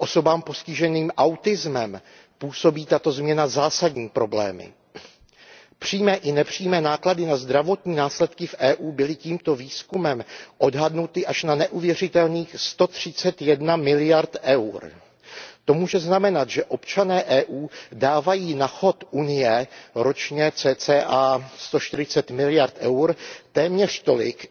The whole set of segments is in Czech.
osobám postiženým autismem působí tato změna zásadní problémy. přímé i nepřímé náklady na zdravotní následky v eu byly tímto výzkumem odhadnuty až na neuvěřitelných one hundred and thirty one miliard eur. to může znamenat že občané eu dávají na chod unie ročně cca one hundred and forty miliard eur téměř tolik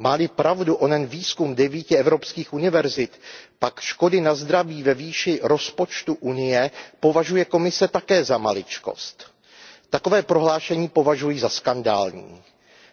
má li pravdu onen výzkum devíti evropských univerzit pak škody na zdraví ve výši rozpočtu unie považuje komise také za maličkost. takové prohlášení považuji za skandální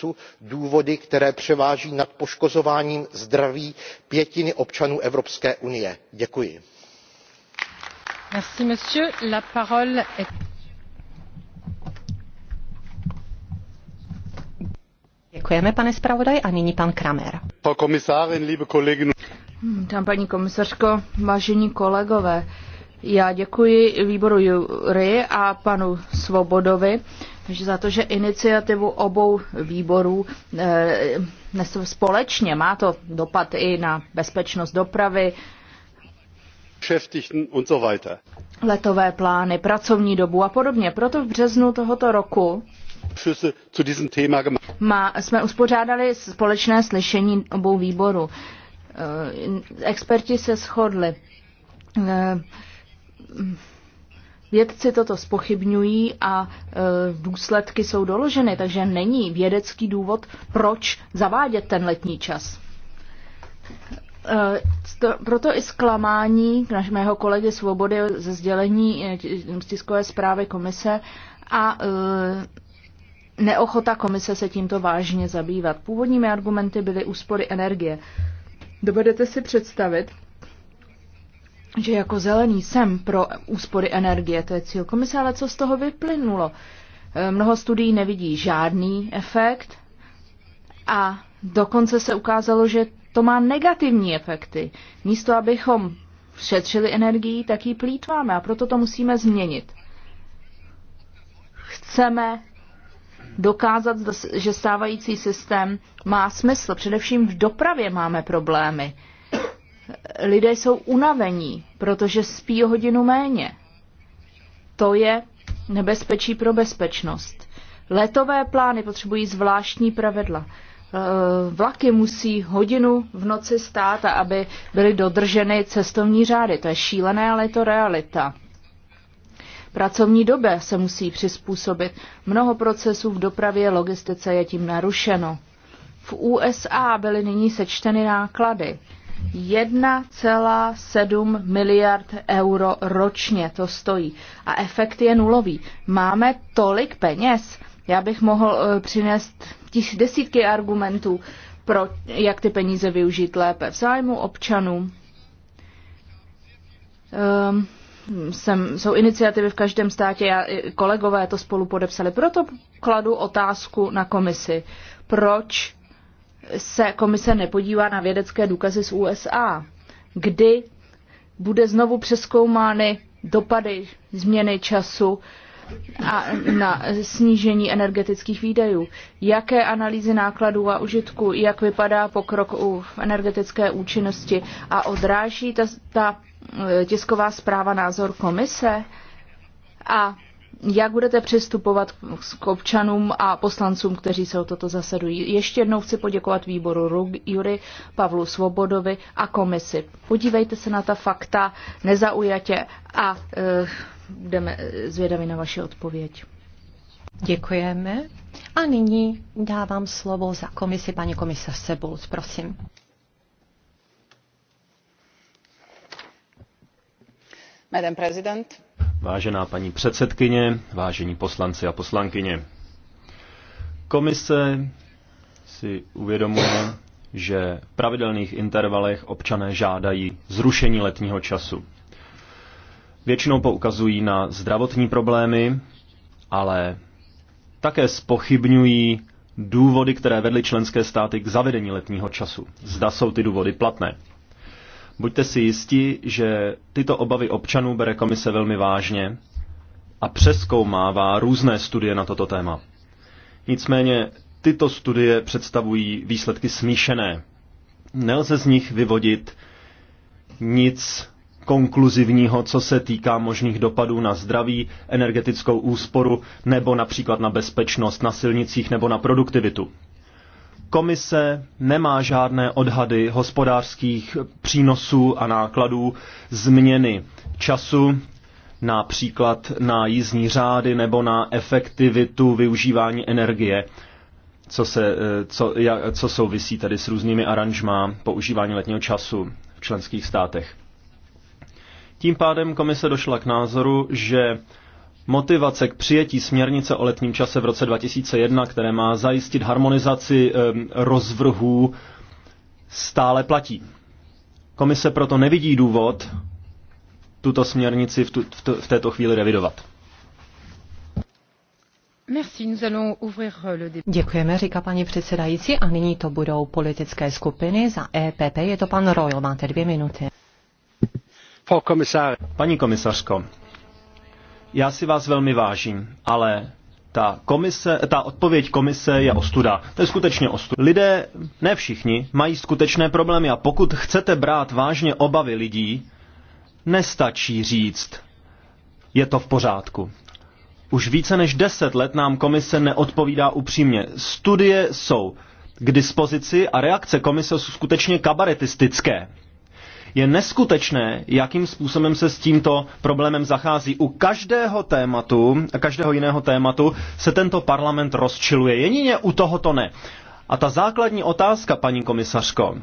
stresu důvody které převáží nad poškozováním zdraví pětiny občanů evropské unie. děkuji. Děkujeme, pane zpravodaj, a nyní pan Kramer. Hmm, tam paní komisařko, vážení kolegové, já děkuji výboru Jury a panu Svobodovi za to, že iniciativu obou výborů eh, společně má to dopad i na bezpečnost dopravy, letové plány, pracovní dobu a podobně. Proto v březnu tohoto roku má, jsme uspořádali společné slyšení obou výborů. Eh, experti se shodli eh, Vědci toto spochybňují a e, důsledky jsou doloženy, takže není vědecký důvod, proč zavádět ten letní čas. E, proto i zklamání mého kolegy Svobody ze sdělení e, tiskové zprávy komise a neochota komise se tímto vážně zabývat. Původními argumenty byly úspory energie. Dovedete si představit, že jako zelený jsem pro úspory energie, to je cíl komise, ale co z toho vyplynulo? Eh, mnoho studií nevidí žádný efekt a dokonce se ukázalo, že to má negativní efekty. Místo, abychom šetřili energii, tak ji plítváme a proto to musíme změnit. Chceme dokázat, že stávající systém má smysl. Především v dopravě máme problémy lidé jsou unavení, protože spí o hodinu méně. To je nebezpečí pro bezpečnost. Letové plány potřebují zvláštní pravidla. Eh, vlaky musí hodinu v noci stát, aby byly dodrženy cestovní řády. To je šílené, ale je to realita. Pracovní době se musí přizpůsobit. Mnoho procesů v dopravě logistice je tím narušeno. V USA byly nyní sečteny náklady. 1,7 miliard euro ročně to stojí a efekt je nulový. Máme tolik peněz, já bych mohl eh, přinést tis, desítky argumentů, pro, jak ty peníze využít lépe v zájmu občanů. Um, jsem, jsou iniciativy v každém státě, já, kolegové to spolu podepsali. Proto kladu otázku na komisi. Proč se komise nepodívá na vědecké důkazy z USA, kdy bude znovu přeskoumány dopady změny času a na snížení energetických výdajů. Jaké analýzy nákladů a užitku, jak vypadá pokrok u energetické účinnosti a odráží ta, ta e, tisková zpráva názor komise? A jak budete přistupovat k občanům a poslancům, kteří se o toto zasedují. Ještě jednou chci poděkovat výboru Jury, Pavlu Svobodovi a komisi. Podívejte se na ta fakta nezaujatě a uh, eh, budeme eh, zvědaví na vaši odpověď. Děkujeme. A nyní dávám slovo za komisi paní komisař Sebulc, prosím. Madam President, Vážená paní předsedkyně, vážení poslanci a poslankyně. Komise si uvědomuje, že v pravidelných intervalech občané žádají zrušení letního času. Většinou poukazují na zdravotní problémy, ale také spochybňují důvody, které vedly členské státy k zavedení letního času. Zda jsou ty důvody platné. Buďte si jisti, že tyto obavy občanů bere komise velmi vážně a přeskoumává různé studie na toto téma. Nicméně tyto studie představují výsledky smíšené. Nelze z nich vyvodit nic konkluzivního, co se týká možných dopadů na zdraví, energetickou úsporu nebo například na bezpečnost na silnicích nebo na produktivitu. Komise nemá žádné odhady hospodářských přínosů a nákladů změny času, například na jízdní řády nebo na efektivitu využívání energie, co, se, eh, co, co souvisí tady s různými aranžmá používání letního času v členských státech. Tím pádem komise došla k názoru, že Motivace k přijetí směrnice o letním čase v roce 2001, které má zajistit harmonizaci eh, rozvrhů, stále platí. Komise proto nevidí důvod tuto směrnici v, tu, v, v této chvíli revidovat. Euh, Děkujeme, říká paní předsedající, a nyní to budou politické skupiny. Za EPP je to pan Royal, máte dvě minuty. Paní komisařko, já si vás velmi vážím, ale ta, komise, ta odpověď komise je ostuda. To je skutečně ostuda. Lidé, ne všichni, mají skutečné problémy a pokud chcete brát vážně obavy lidí, nestačí říct, je to v pořádku. Už více než deset let nám komise neodpovídá upřímně. Studie jsou k dispozici a reakce komise jsou skutečně kabaretistické. Je neskutečné, jakým způsobem se s tímto problémem zachází. U každého tématu, každého jiného tématu, se tento parlament rozčiluje. Jenině u tohoto ne. A ta základní otázka, paní komisařko,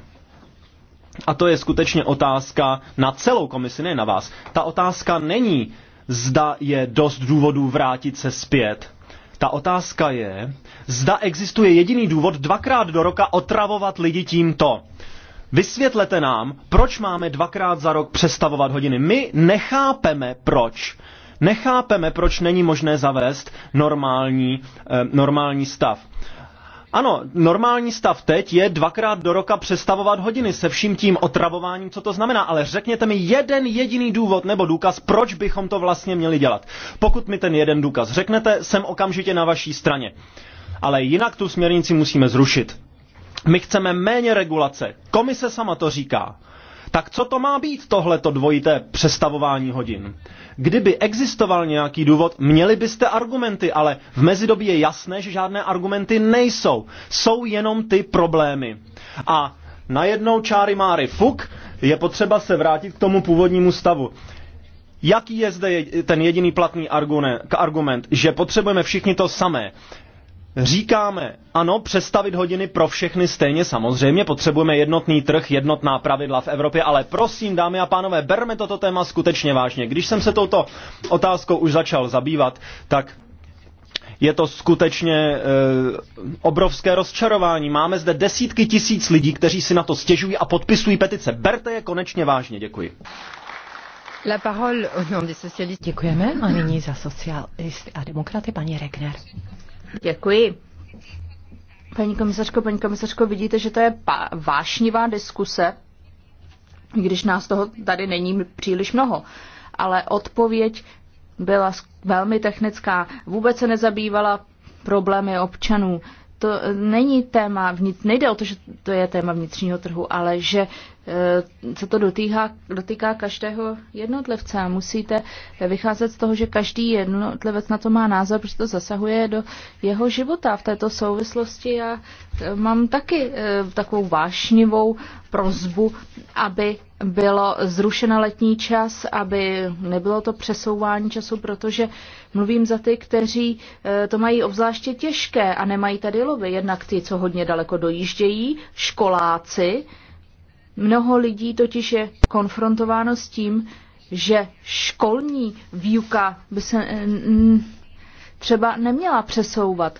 a to je skutečně otázka na celou komisi, ne na vás. Ta otázka není, zda je dost důvodů vrátit se zpět. Ta otázka je, zda existuje jediný důvod dvakrát do roka otravovat lidi tímto. Vysvětlete nám, proč máme dvakrát za rok přestavovat hodiny. My nechápeme, proč. Nechápeme, proč není možné zavést normální, eh, normální stav. Ano, normální stav teď je dvakrát do roka přestavovat hodiny se vším tím otravováním, co to znamená, ale řekněte mi jeden jediný důvod nebo důkaz, proč bychom to vlastně měli dělat. Pokud mi ten jeden důkaz řeknete, jsem okamžitě na vaší straně. Ale jinak tu směrnici musíme zrušit. My chceme méně regulace. Komise sama to říká. Tak co to má být tohleto dvojité přestavování hodin? Kdyby existoval nějaký důvod, měli byste argumenty, ale v mezidobí je jasné, že žádné argumenty nejsou. Jsou jenom ty problémy. A najednou čáry máry fuk, je potřeba se vrátit k tomu původnímu stavu. Jaký je zde ten jediný platný argument, že potřebujeme všichni to samé? říkáme, ano, přestavit hodiny pro všechny stejně, samozřejmě potřebujeme jednotný trh, jednotná pravidla v Evropě, ale prosím, dámy a pánové, berme toto téma skutečně vážně. Když jsem se touto otázkou už začal zabývat, tak je to skutečně e, obrovské rozčarování. Máme zde desítky tisíc lidí, kteří si na to stěžují a podpisují petice. Berte je konečně vážně. Děkuji. La parole au nom des socialistes. Děkujeme a nyní za socialisty a demokraty paní Regner. Děkuji. Paní komisařko, paní komisařko, vidíte, že to je vášnivá diskuse, když nás toho tady není příliš mnoho. Ale odpověď byla velmi technická. Vůbec se nezabývala problémy občanů. To není téma vnitř, nejde o to, že to je téma vnitřního trhu, ale že Eh, se to dotýká, dotýká každého jednotlivce. Musíte vycházet z toho, že každý jednotlivec na to má názor, protože to zasahuje do jeho života. V této souvislosti já eh, mám taky eh, takovou vášnivou prozbu, aby bylo zrušena letní čas, aby nebylo to přesouvání času, protože mluvím za ty, kteří to mají obzvláště těžké a nemají tady lovy. Jednak ty, co hodně daleko dojíždějí, školáci, Mnoho lidí totiž je konfrontováno s tím, že školní výuka by se třeba neměla přesouvat.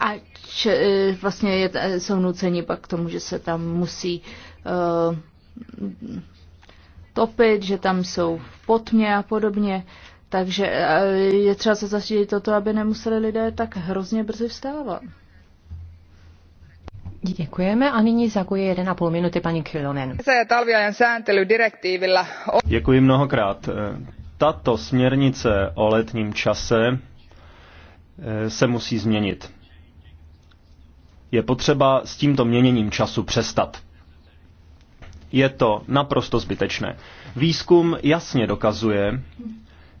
A če, e, vlastně je, e, jsou nuceni pak k tomu, že se tam musí uh, topit, že tam jsou v potmě a podobně. Takže je třeba se zaštítit toto, aby nemuseli lidé tak hrozně brzy vstávat. Děkujeme a nyní zakuje 1,5 minuty paní Kylonen. Děkuji mnohokrát. Tato směrnice o letním čase eh, se musí změnit. Je potřeba s tímto měněním času přestat. Je to naprosto zbytečné. Výzkum jasně dokazuje,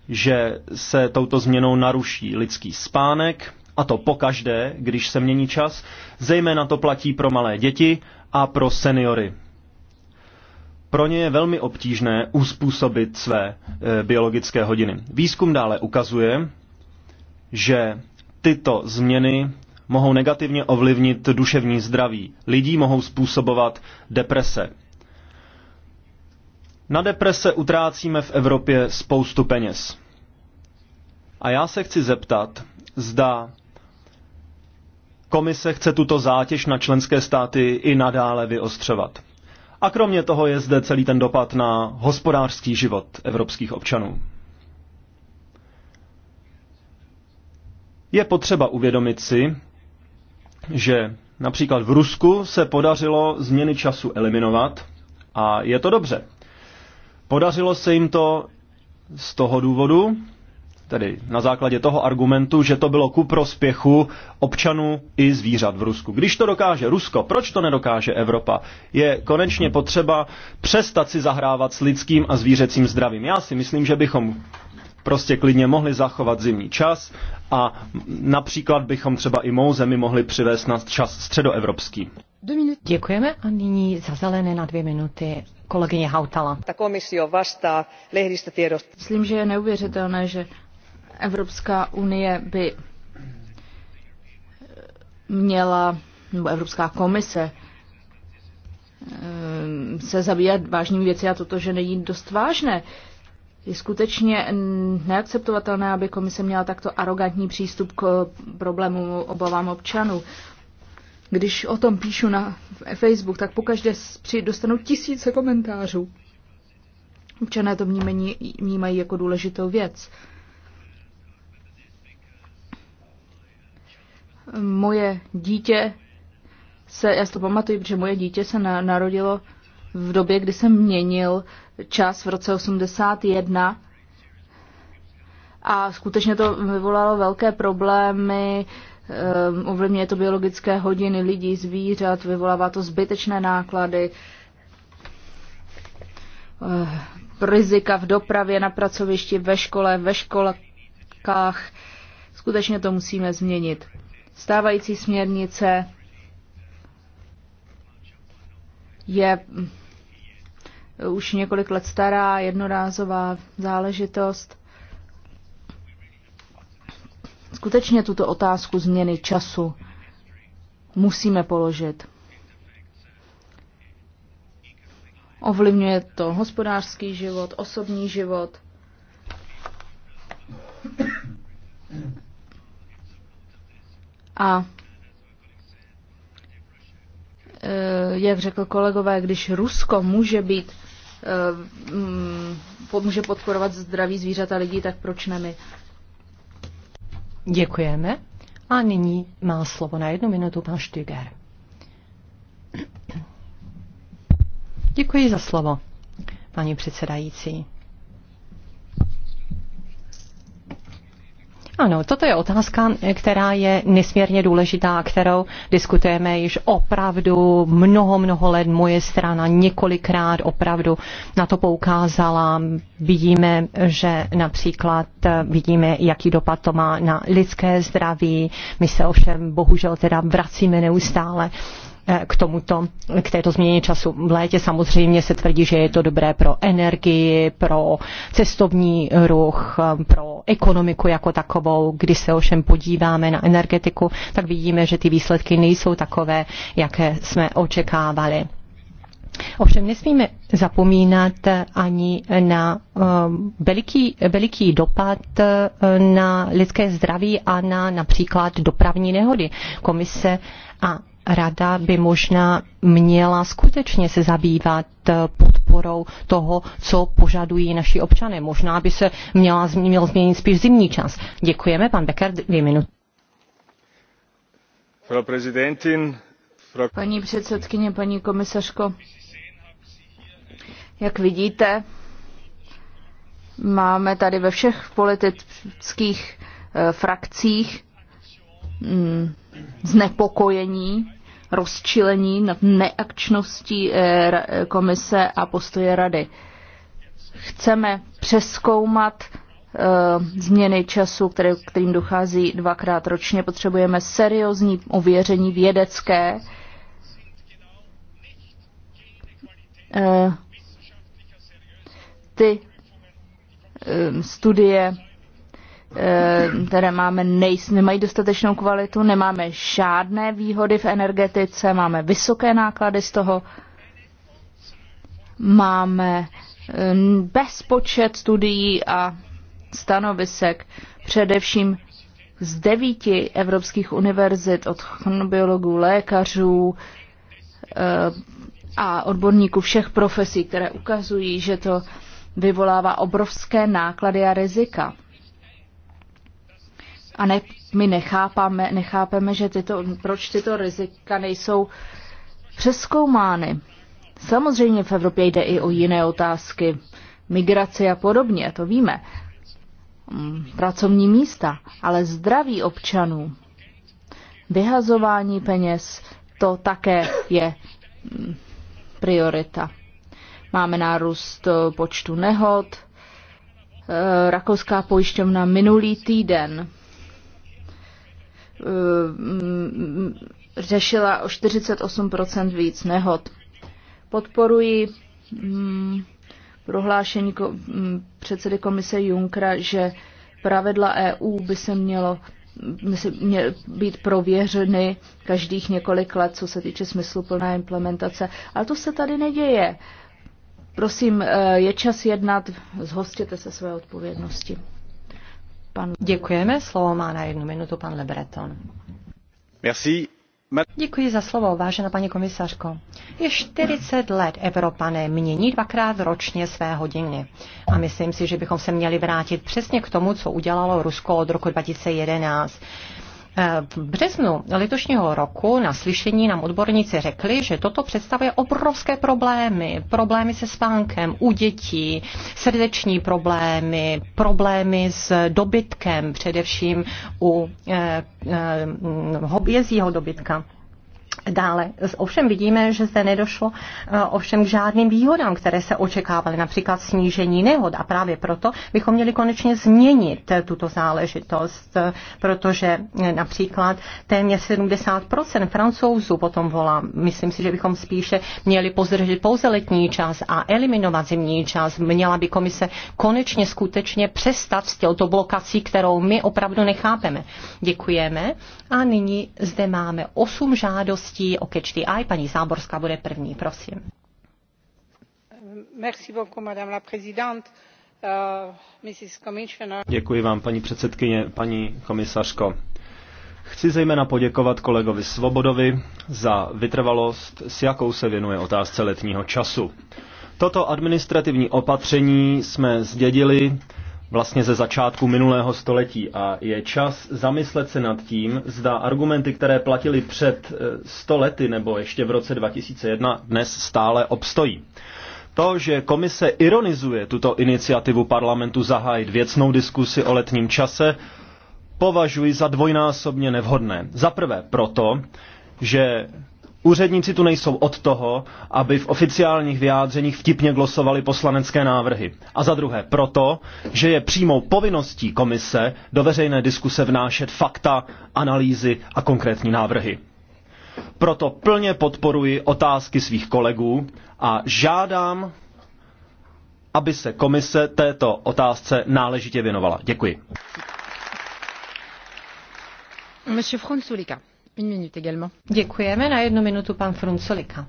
že se touto změnou naruší lidský spánek, a to pokaždé, když se mění čas. Zejména to platí pro malé děti a pro seniory. Pro ně je velmi obtížné uspůsobit své e, biologické hodiny. Výzkum dále ukazuje, že tyto změny mohou negativně ovlivnit duševní zdraví. Lidí mohou způsobovat deprese. Na deprese utrácíme v Evropě spoustu peněz. A já se chci zeptat, zda Komise chce tuto zátěž na členské státy i nadále vyostřovat. A kromě toho je zde celý ten dopad na hospodářský život evropských občanů. Je potřeba uvědomit si, že například v Rusku se podařilo změny času eliminovat a je to dobře. Podařilo se jim to z toho důvodu, tedy na základě toho argumentu, že to bylo ku prospěchu občanů i zvířat v Rusku. Když to dokáže Rusko, proč to nedokáže Evropa? Je konečně potřeba přestat si zahrávat s lidským a zvířecím zdravím. Já si myslím, že bychom prostě klidně mohli zachovat zimní čas a například bychom třeba i mou zemi mohli přivést na čas středoevropský. Děkujeme a nyní za zelené na dvě minuty kolegyně Hautala. Myslím, že je neuvěřitelné, že Evropská unie by měla, nebo Evropská komise, eh, se zabývat vážnými věci a toto, že není dost vážné. Je skutečně neakceptovatelné, aby komise měla takto arrogantní přístup k problému obavám občanů. Když o tom píšu na Facebook, tak pokaždé dostanu tisíce komentářů. Občané to vnímají, vnímají jako důležitou věc. Uh, moje dítě se, já si to pamatuju, protože moje dítě se na, narodilo v době, kdy jsem měnil čas v roce 81 a skutečně to vyvolalo velké problémy, um, ovlivňuje to biologické hodiny lidí, zvířat, vyvolává to zbytečné náklady, uh, rizika v dopravě, na pracovišti, ve škole, ve školkách. Skutečně to musíme změnit. Stávající směrnice je už několik let stará, jednorázová záležitost. Skutečně tuto otázku změny času musíme položit. Ovlivňuje to hospodářský život, osobní život, A e, jak řekl kolegové, když Rusko může být e, může podporovat zdraví zvířat a lidí, tak proč ne my? Děkujeme. A nyní má slovo na jednu minutu pan Štyger. Děkuji za slovo, paní předsedající. Ano, toto je otázka, která je nesmírně důležitá, kterou diskutujeme již opravdu mnoho, mnoho let. Moje strana několikrát opravdu na to poukázala. Vidíme, že například vidíme, jaký dopad to má na lidské zdraví. My se ovšem bohužel teda vracíme neustále k tomuto, k této změně času. V létě samozřejmě se tvrdí, že je to dobré pro energii, pro cestovní ruch, pro ekonomiku jako takovou. Když se ovšem podíváme na energetiku, tak vidíme, že ty výsledky nejsou takové, jaké jsme očekávali. Ovšem nesmíme zapomínat ani na um, veliký, veliký dopad uh, na lidské zdraví a na například dopravní nehody. Komise a rada by možná měla skutečně se zabývat eh, podporou toho, co požadují naši občany. Možná by se měla, měl změnit spíš zimní čas. Děkujeme, pan Becker, dvě minuty. Paní předsedkyně, paní komisařko, jak vidíte, máme tady ve všech politických eh, frakcích mm, znepokojení rozčilení nad neakčností eh, komise a postoje rady. Chceme přeskoumat eh, změny času, které, kterým dochází dvakrát ročně. Potřebujeme seriózní ověření vědecké. Eh, ty studie Eh, které máme, nej, nemají dostatečnou kvalitu, nemáme žádné výhody v energetice, máme vysoké náklady z toho, máme eh, bezpočet studií a stanovisek, především z devíti evropských univerzit, od chronobiologů, lékařů eh, a odborníků všech profesí, které ukazují, že to vyvolává obrovské náklady a rizika. A ne, my nechápáme, nechápeme, že tyto, proč tyto rizika nejsou přeskoumány. Samozřejmě v Evropě jde i o jiné otázky, migraci a podobně, to víme, mm, pracovní místa, ale zdraví občanů, vyhazování peněz, to také je mm, priorita. Máme nárůst eh, počtu nehod. Eh, rakouská pojišťovna minulý týden Eh, řešila o 48 víc nehod. Podporuji mm, prohlášení mm, předsedy komise Junkra, že pravidla EU by se mělo by být prověřeny každých několik let, co se týče smysluplné implementace. Ale to se tady neděje. Prosím, eh, je čas jednat, zhostěte se své odpovědnosti. Pan... Děkujeme. Slovo má na jednu minutu pan Lebreton. Merci. Děkuji za slovo, vážená paní komisařko. Je 40 let Evropané mění dvakrát ročně své hodiny. A myslím si, že bychom se měli vrátit přesně k tomu, co udělalo Rusko od roku 2011 Eh, v březnu letošního roku na slyšení nám odborníci řekli, že toto představuje obrovské problémy. Problémy se spánkem u dětí, srdeční problémy, problémy s dobytkem, především u eh, eh, hm, hobězího dobytka. Dále ovšem vidíme, že zde nedošlo eh, ovšem k žádným výhodám, které se očekávaly, například snížení nehod. A právě proto bychom měli konečně změnit eh, tuto záležitost, eh, protože například téměř 70% francouzů potom volá. Myslím si, že bychom spíše měli pozdržet pouze letní čas a eliminovat zimní čas. Měla by komise konečně skutečně přestat s těmto blokací, kterou my opravdu nechápeme. Děkujeme. A nyní zde máme 8 žádostí žádostí o Catch the Eye. Paní Záborská bude první, prosím. Merci beaucoup, madame la présidente. Uh, Děkuji vám, paní předsedkyně, paní komisařko. Chci zejména poděkovat kolegovi Svobodovi za vytrvalost, s jakou se věnuje otázce letního času. Toto administrativní opatření jsme zdědili vlastně ze začátku minulého století a je čas zamyslet se nad tím, zda argumenty, které platily před 100 eh, lety nebo ještě v roce 2001, dnes stále obstojí. To, že komise ironizuje tuto iniciativu parlamentu zahájit věcnou diskusi o letním čase, považuji za dvojnásobně nevhodné. Za prvé proto, že Úředníci tu nejsou od toho, aby v oficiálních vyjádřeních vtipně glosovali poslanecké návrhy. A za druhé proto, že je přímou povinností komise do veřejné diskuse vnášet fakta, analýzy a konkrétní návrhy. Proto plně podporuji otázky svých kolegů a žádám, aby se komise této otázce náležitě věnovala. Děkuji. Monsieur Une minute également. Děkujeme. Na jednu minutu pan Frunzolika.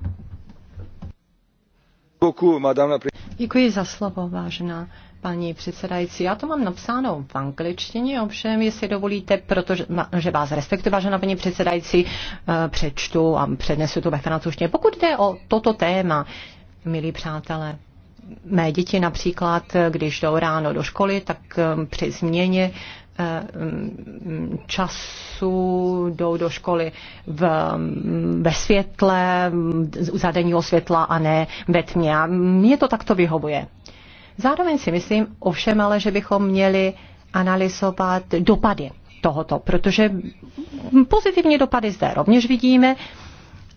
Děkuji za slovo, vážená paní předsedající. Já to mám napsáno v angličtině, ovšem, jestli dovolíte, protože že vás respektuji, vážená paní předsedající, eh, přečtu a přednesu to ve francouzštině. Pokud jde o toto téma, milí přátelé, mé děti například, eh, když jdou ráno do školy, tak eh, při změně času jdou do školy v, ve světle, u zadeního světla a ne ve tmě. A mně to takto vyhovuje. Zároveň si myslím ovšem ale, že bychom měli analyzovat dopady tohoto, protože pozitivní dopady zde rovněž vidíme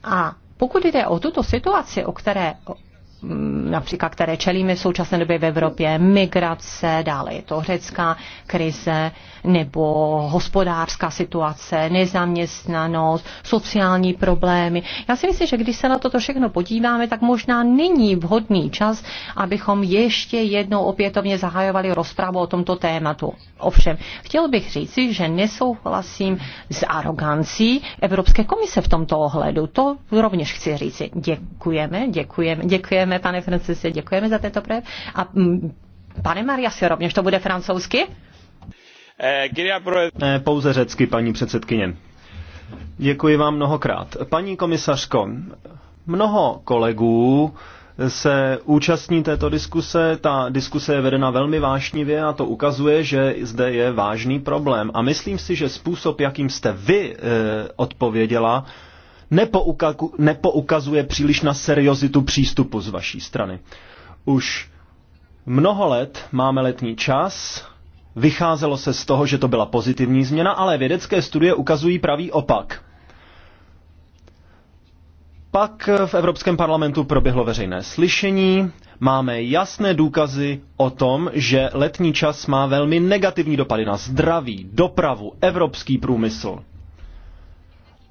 a pokud jde o tuto situaci, o které například které čelíme v současné době v Evropě, migrace, dále je to řecká krize nebo hospodářská situace, nezaměstnanost, sociální problémy. Já si myslím, že když se na toto všechno podíváme, tak možná není vhodný čas, abychom ještě jednou opětovně zahajovali rozpravu o tomto tématu. Ovšem, chtěl bych říci, že nesouhlasím s arogancí Evropské komise v tomto ohledu. To rovněž chci říci. Děkujeme, děkujeme, děkujeme Děkujeme, pane Francisi, děkujeme za tento projev. A mm, pane si rovněž to bude francouzsky? Pouze řecky, paní předsedkyně. Děkuji vám mnohokrát. Paní komisařko, mnoho kolegů se účastní této diskuse. Ta diskuse je vedena velmi vášnivě a to ukazuje, že zde je vážný problém. A myslím si, že způsob, jakým jste vy e, odpověděla, nepouka, nepoukazuje příliš na seriozitu přístupu z vaší strany. Už mnoho let máme letní čas, vycházelo se z toho, že to byla pozitivní změna, ale vědecké studie ukazují pravý opak. Pak v Evropském parlamentu proběhlo veřejné slyšení. Máme jasné důkazy o tom, že letní čas má velmi negativní dopady na zdraví, dopravu, evropský průmysl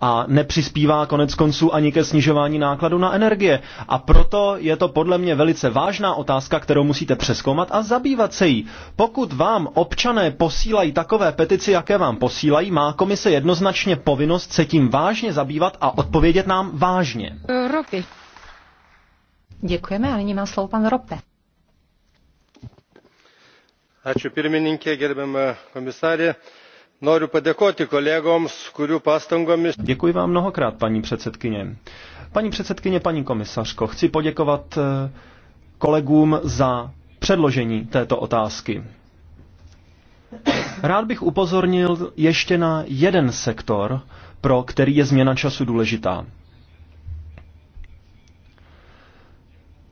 a nepřispívá konec konců ani ke snižování nákladu na energie. A proto je to podle mě velice vážná otázka, kterou musíte přeskoumat a zabývat se jí. Pokud vám občané posílají takové petici, jaké vám posílají, má komise jednoznačně povinnost se tím vážně zabývat a odpovědět nám vážně. Ropy. Děkujeme a nyní má slovo pan Rope. Ačiū pirmininkė, gerbiama komisarė poděkovat Děkuji vám mnohokrát, paní předsedkyně. Paní předsedkyně, paní komisařko, chci poděkovat eh, kolegům za předložení této otázky. Rád bych upozornil ještě na jeden sektor, pro který je změna času důležitá.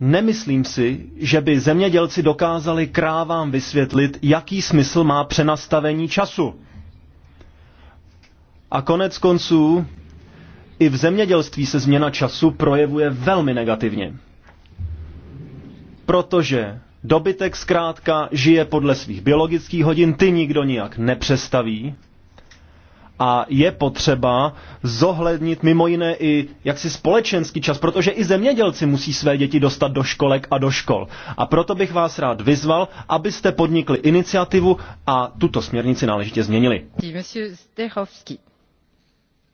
Nemyslím si, že by zemědělci dokázali krávám vysvětlit, jaký smysl má přenastavení času. A konec konců i v zemědělství se změna času projevuje velmi negativně. Protože dobytek zkrátka žije podle svých biologických hodin, ty nikdo nijak nepřestaví, a je potřeba zohlednit mimo jiné i jaksi společenský čas, protože i zemědělci musí své děti dostat do školek a do škol. A proto bych vás rád vyzval, abyste podnikli iniciativu a tuto směrnici náležitě změnili. Monsieur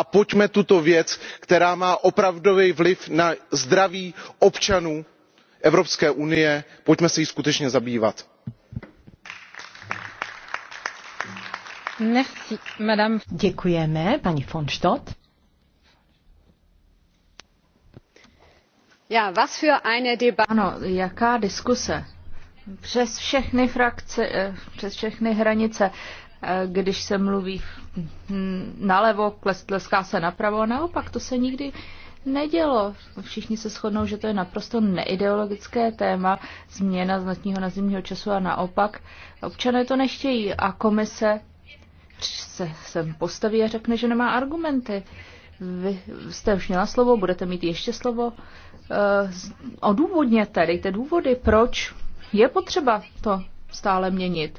a pojďme tuto věc která má opravdový vliv na zdraví občanů evropské unie skutečně se jí skutečně von Ano, jaká diskuse přes všechny frakce, eh, přes všechny hranice když se mluví nalevo, tleská se napravo a naopak. To se nikdy nedělo. Všichni se shodnou, že to je naprosto neideologické téma, změna z letního na zimního času a naopak. Občané to nechtějí a komise se sem postaví a řekne, že nemá argumenty. Vy jste už měla slovo, budete mít ještě slovo. Eh, odůvodněte, dejte důvody, proč je potřeba to stále měnit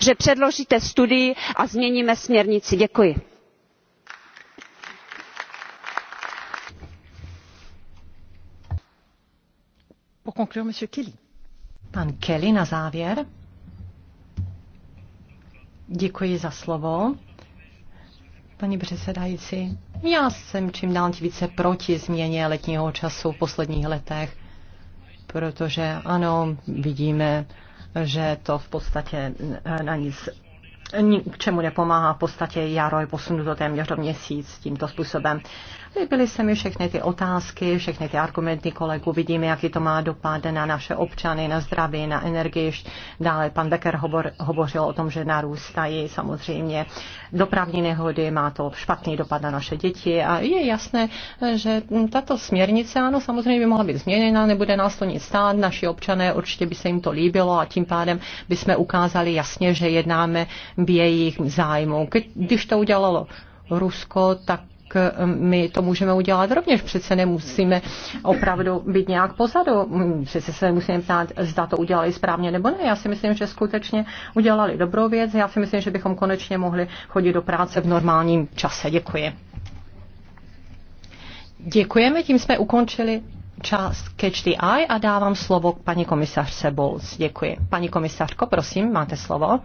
že předložíte studii a změníme směrnici. děkuji. Pan Kelly na závěr. Děkuji za slovo. Paní předsedající, já jsem čím dál více proti změně letního času v posledních letech, protože ano, vidíme že to v podstatě eh, na nic k čemu nepomáhá. V podstatě jaro je posunuto téměř do měsíc tímto způsobem. Byly se mi všechny ty otázky, všechny ty argumenty kolegů, vidíme, jaký to má dopad na naše občany, na zdraví, na energii. Dále pan Becker hovor, hovořil o tom, že narůstají samozřejmě dopravní nehody, má to špatný dopad na naše děti a je jasné, že tato směrnice, ano, samozřejmě by mohla být změněna, nebude nás to nic stát, naši občané určitě by se jim to líbilo a tím pádem by jsme ukázali jasně, že jednáme v jejich zájmu. Když to udělalo Rusko, tak Eh, my to můžeme udělat rovněž. Přece nemusíme opravdu být nějak pozadu. Přece se musíme ptát, zda to udělali správně nebo ne. Já si myslím, že skutečně udělali dobrou věc. Já si myslím, že bychom konečně mohli chodit do práce v normálním čase. Děkuji. Děkujeme, tím jsme ukončili část Catch the Eye a dávám slovo k paní komisařce Bowles. Děkuji. Paní komisařko, prosím, máte slovo.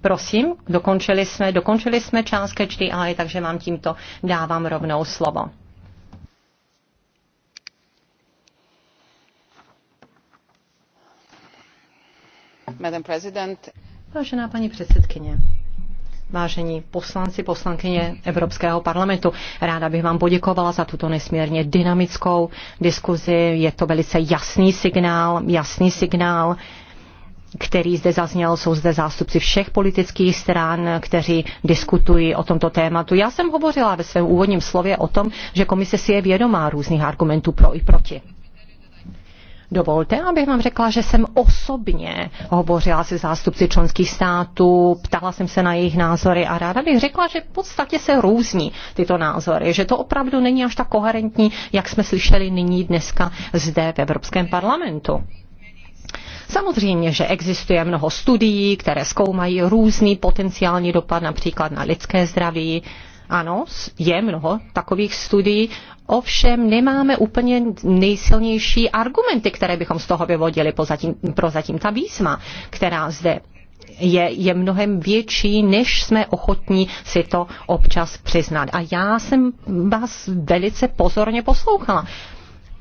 Prosím, dokončili jsme, dokončili jsme část ke HDI, takže vám tímto dávám rovnou slovo. Madam President. Vážená paní předsedkyně, vážení poslanci, poslankyně Evropského parlamentu. Ráda bych vám poděkovala za tuto nesmírně dynamickou diskuzi. Je to velice jasný signál, jasný signál, který zde zazněl, jsou zde zástupci všech politických stran, kteří diskutují o tomto tématu. Já jsem hovořila ve svém úvodním slově o tom, že komise si je vědomá různých argumentů pro i proti. Dovolte, abych vám řekla, že jsem osobně hovořila se zástupci členských států, ptala jsem se na jejich názory a ráda bych řekla, že v podstatě se různí tyto názory, že to opravdu není až tak koherentní, jak jsme slyšeli nyní dneska zde v Evropském parlamentu. Samozřejmě, že existuje mnoho studií, které zkoumají různý potenciální dopad například na lidské zdraví. Ano, je mnoho takových studií, ovšem nemáme úplně nejsilnější argumenty, které bychom z toho vyvodili pozatím, prozatím. Ta výzva, která zde je, je mnohem větší, než jsme ochotní si to občas přiznat. A já jsem vás velice pozorně poslouchala.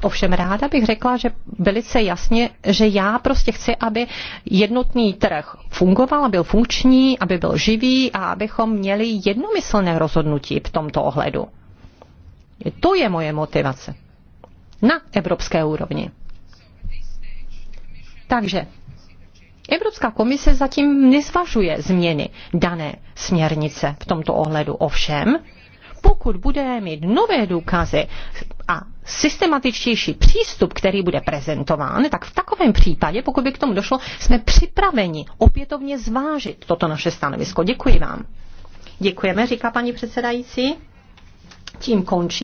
Ovšem ráda bych řekla, že velice jasně, že já prostě chci, aby jednotný trh fungoval, a byl funkční, aby byl živý a abychom měli jednomyslné rozhodnutí v tomto ohledu. To je moje motivace. Na evropské úrovni. Takže Evropská komise zatím nezvažuje změny dané směrnice v tomto ohledu. Ovšem, pokud budeme mít nové důkazy a systematičtější přístup, který bude prezentován, tak v takovém případě, pokud by k tomu došlo, jsme připraveni opětovně zvážit toto naše stanovisko. Děkuji vám. Děkujeme, říká paní předsedající. Tím končí.